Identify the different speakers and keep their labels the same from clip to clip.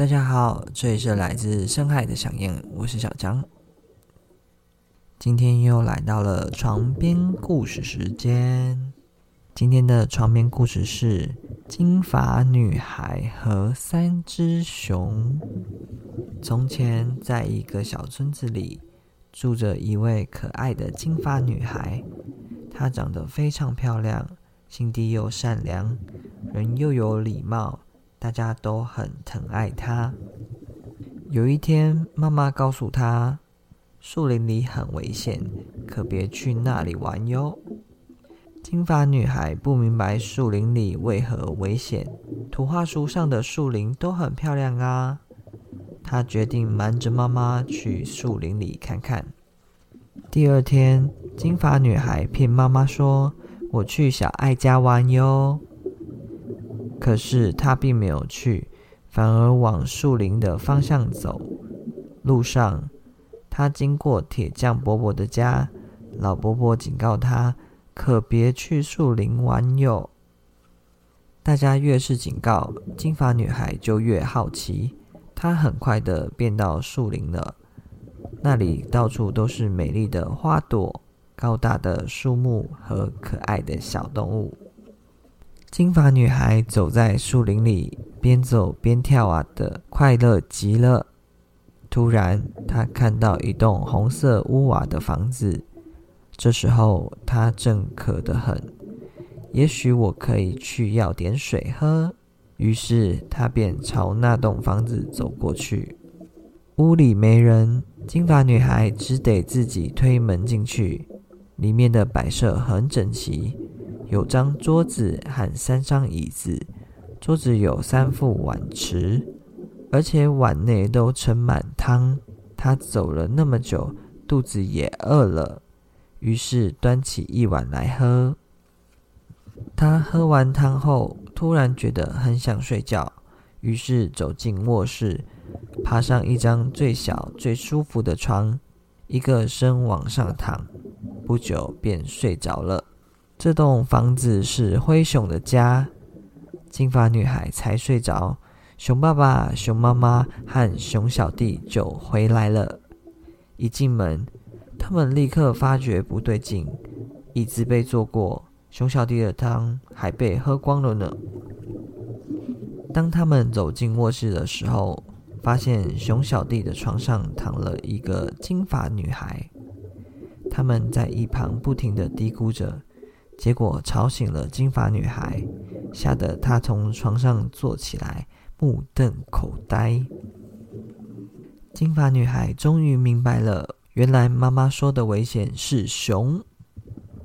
Speaker 1: 大家好，這裡是來自深海的響燕，我是小張。今天又來到了床邊故事時間。今天的床邊故事是《金髮女孩和三隻熊》。從前，在一個小村子裡，住着一位可愛的金髮女孩，她長得非常漂亮，心地又善良，人又有禮貌。大家都很疼愛她。有一天，媽媽告訴她：“樹林裡很危險，可別去那裡玩喲。”金髮女孩不明白樹林裡為何危險，圖畫書上的樹林都很漂亮啊。她決定瞞着媽媽去樹林裡看看。第二天，金髮女孩騙媽媽說：“我去小愛家玩喲。”可是他並沒有去，反而往樹林的方向走。路上，他經過鐵匠伯伯的家，老伯伯警告他，可別去樹林玩喲。大家越是警告，金髮女孩就越好奇。她很快的便到樹林了，那裡到處都是美麗的花朵、高大的樹木和可愛的小動物。金髮女孩走在樹林裡，邊走邊跳啊的，快樂極了。突然，她看到一棟紅色屋瓦的房子。這時候，她正渴得很。也許我可以去要點水喝。於是，她便朝那棟房子走過去。屋裡沒人，金髮女孩只得自己推門進去。裡面的擺設很整齊。有張桌子和三張椅子，桌子有三副碗池，而且碗內都盛滿湯。他走了那麼久，肚子也餓了，於是端起一碗來喝。他喝完湯後，突然覺得很想睡覺，於是走進臥室，爬上一張最小最舒服的床，一個身往上躺，不久便睡着了。這棟房子是灰熊的家。金髮女孩才睡着，熊爸爸、熊媽媽和熊小弟就回來了。一進門，他們立刻發覺不對勁：椅子被坐過，熊小弟的湯還被喝光了呢。當他們走進臥室的時候，發現熊小弟的床上躺了一個金髮女孩。他們在一旁不停地嘀咕着。結果吵醒了金髮女孩，嚇得她從床上坐起來，目瞪口呆。金髮女孩終於明白了，原來媽媽說的危險是熊。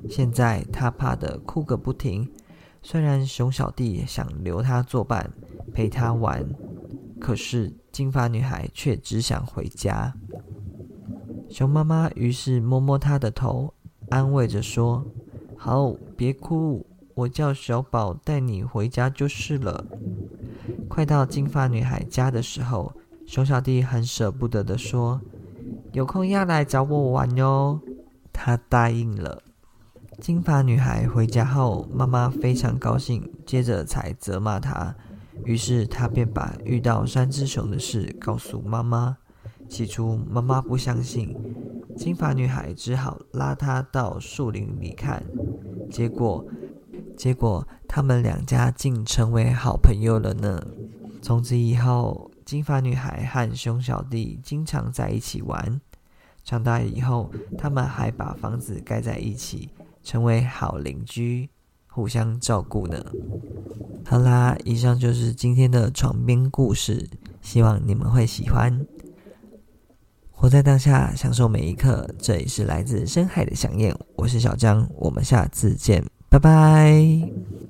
Speaker 1: 現在她怕得哭個不停。雖然熊小弟想留她作伴，陪她玩，可是金髮女孩卻只想回家。熊媽媽於是摸摸她的頭，安慰着說：“好。”別哭，我叫小寶帶你回家就是了。快到金髮女孩家的時候，熊小弟很捨不得地說：“有空要來找我玩喲。”她答應了。金髮女孩回家後，媽媽非常高興，接着才責罵她。於是她便把遇到三隻熊的事告訴媽媽。起初媽媽不相信，金髮女孩只好拉她到樹林裡看。結果，結果，他們兩家竟成為好朋友了呢。從此以後，金髮女孩和熊小弟經常在一起玩。長大以後，他們還把房子蓋在一起，成為好鄰居，互相照顧呢。好啦，以上就是今天的床邊故事，希望你們會喜歡。活在當下，享受每一刻。這裡是來自深海的想念，我是小江，我們下次見，拜拜。